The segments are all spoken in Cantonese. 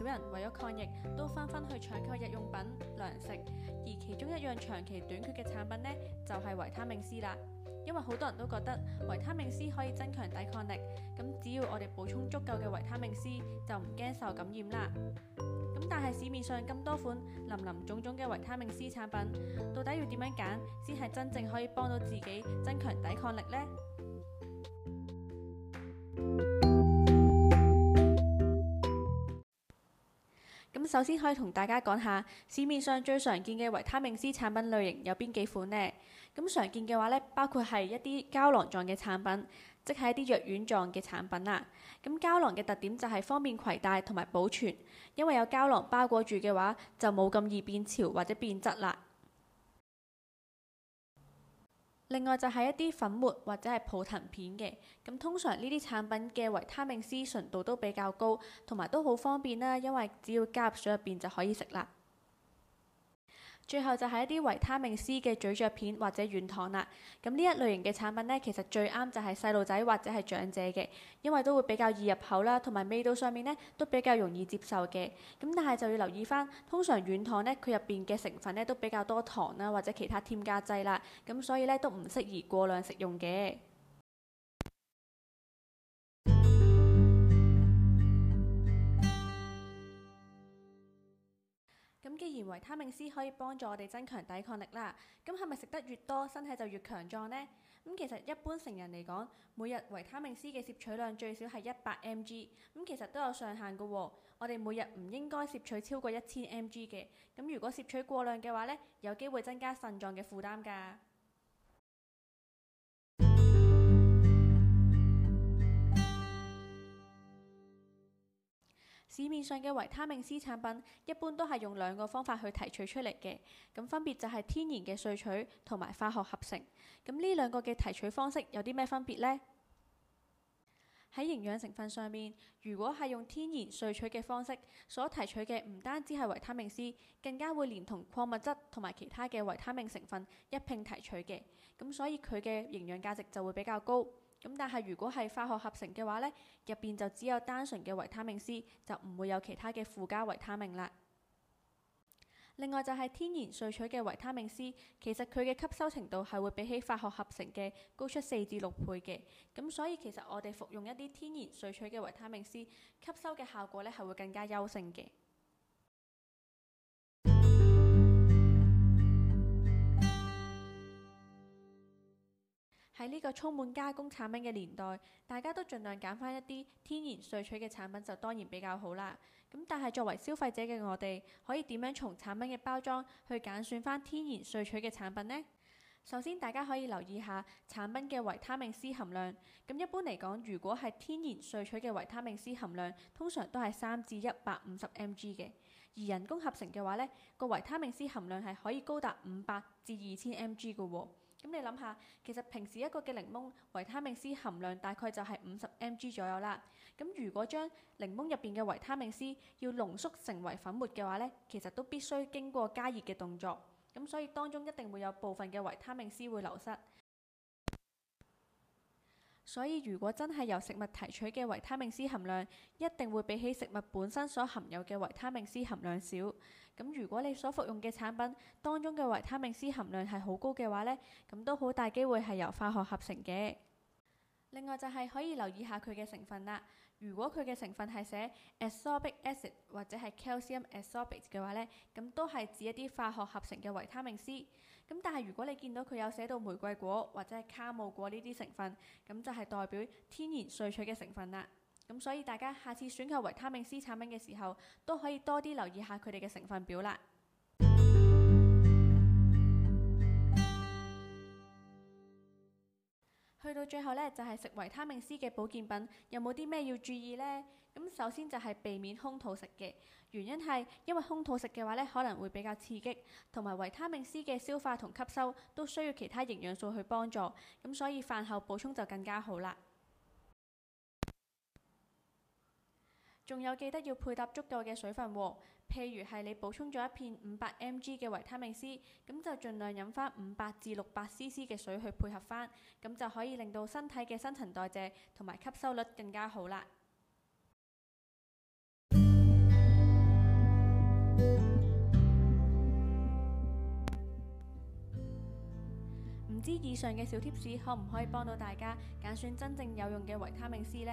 少人為咗抗疫都紛紛去搶購日用品、糧食，而其中一樣長期短缺嘅產品呢，就係維他命 C 啦。因為好多人都覺得維他命 C 可以增強抵抗力，咁只要我哋補充足夠嘅維他命 C 就唔驚受感染啦。咁但係市面上咁多款林林總總嘅維他命 C 產品，到底要點樣揀先係真正可以幫到自己增強抵抗力呢？首先可以同大家講下市面上最常見嘅維他命 C 產品類型有邊幾款呢？咁常見嘅話咧，包括係一啲膠囊狀嘅產品，即係一啲藥丸狀嘅產品啦。咁膠囊嘅特點就係方便攜帶同埋保存，因為有膠囊包裹住嘅話，就冇咁易變潮或者變質啦。另外就係一啲粉末或者係泡騰片嘅，咁通常呢啲產品嘅維他命 C 純度都比較高，同埋都好方便啦，因為只要加入水入面就可以食啦。最後就係一啲維他命 C 嘅咀嚼片或者軟糖啦，咁呢一類型嘅產品咧，其實最啱就係細路仔或者係長者嘅，因為都會比較易入口啦，同埋味道上面咧都比較容易接受嘅。咁但係就要留意翻，通常軟糖咧佢入邊嘅成分咧都比較多糖啦、啊，或者其他添加劑啦，咁所以咧都唔適宜過量食用嘅。維他命 C 可以幫助我哋增強抵抗力啦，咁係咪食得越多身體就越強壯呢？咁其實一般成人嚟講，每日維他命 C 嘅攝取量最少係一百 mg，咁其實都有上限㗎喎、哦。我哋每日唔應該攝取超過一千 mg 嘅，咁如果攝取過量嘅話呢，有機會增加腎臟嘅負擔㗎。市面上嘅維他命 C 產品一般都係用兩個方法去提取出嚟嘅，咁分別就係天然嘅萃取同埋化學合成。咁呢兩個嘅提取方式有啲咩分別呢？喺營養成分上面，如果係用天然萃取嘅方式，所提取嘅唔單止係維他命 C，更加會連同礦物質同埋其他嘅維他命成分一併提取嘅，咁所以佢嘅營養價值就會比較高。咁但係如果係化學合成嘅話咧，入邊就只有單純嘅維他命 C，就唔會有其他嘅附加維他命啦。另外就係天然萃取嘅維他命 C，其實佢嘅吸收程度係會比起化學合成嘅高出四至六倍嘅。咁所以其實我哋服用一啲天然萃取嘅維他命 C，吸收嘅效果咧係會更加優勝嘅。喺呢個充滿加工產品嘅年代，大家都盡量揀翻一啲天然萃取嘅產品就當然比較好啦。咁但係作為消費者嘅我哋，可以點樣從產品嘅包裝去揀選翻天然萃取嘅產品呢？首先大家可以留意下產品嘅維他命 C 含量。咁一般嚟講，如果係天然萃取嘅維他命 C 含量，通常都係三至一百五十 mg 嘅。而人工合成嘅話呢個維他命 C 含量係可以高達五百至二千 mg 嘅喎。咁你諗下，其實平時一個嘅檸檬維他命 C 含量大概就係五十 mg 左右啦。咁如果將檸檬入邊嘅維他命 C 要濃縮成為粉末嘅話呢，其實都必須經過加熱嘅動作。咁所以當中一定會有部分嘅維他命 C 會流失。所以如果真係由食物提取嘅維他命 C 含量，一定會比起食物本身所含有嘅維他命 C 含量少。咁如果你所服用嘅產品當中嘅維他命 C 含量係好高嘅話呢，咁都好大機會係由化學合成嘅。另外就係可以留意下佢嘅成分啦。如果佢嘅成分係寫 ascorbic acid 或者係 calcium ascorbate 嘅話呢，咁都係指一啲化學合成嘅維他命 C。咁但係如果你見到佢有寫到玫瑰果或者係卡姆果呢啲成分，咁就係代表天然萃取嘅成分啦。咁所以大家下次選購維他命 C 產品嘅時候，都可以多啲留意下佢哋嘅成分表啦。去到最後咧，就係食維他命 C 嘅保健品，有冇啲咩要注意呢？咁首先就係避免空肚食嘅，原因係因為空肚食嘅話咧，可能會比較刺激，同埋維他命 C 嘅消化同吸收都需要其他營養素去幫助，咁所以飯後補充就更加好啦。仲有記得要配搭足夠嘅水分喎。哦，譬如係你補充咗一片五百 mg 嘅維他命 C，咁就盡量飲翻五百至六百 cc 嘅水去配合翻，咁就可以令到身體嘅新陳代謝同埋吸收率更加好啦。唔知以上嘅小貼士可唔可以幫到大家，揀選真正有用嘅維他命 C 呢？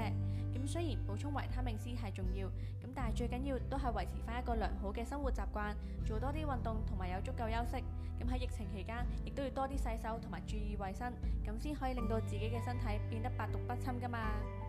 咁雖然補充維他命 C 係重要，咁但係最緊要都係維持返一個良好嘅生活習慣，做多啲運動同埋有足夠休息。咁喺疫情期間，亦都要多啲洗手同埋注意衞生，咁先可以令到自己嘅身體變得百毒不侵㗎嘛～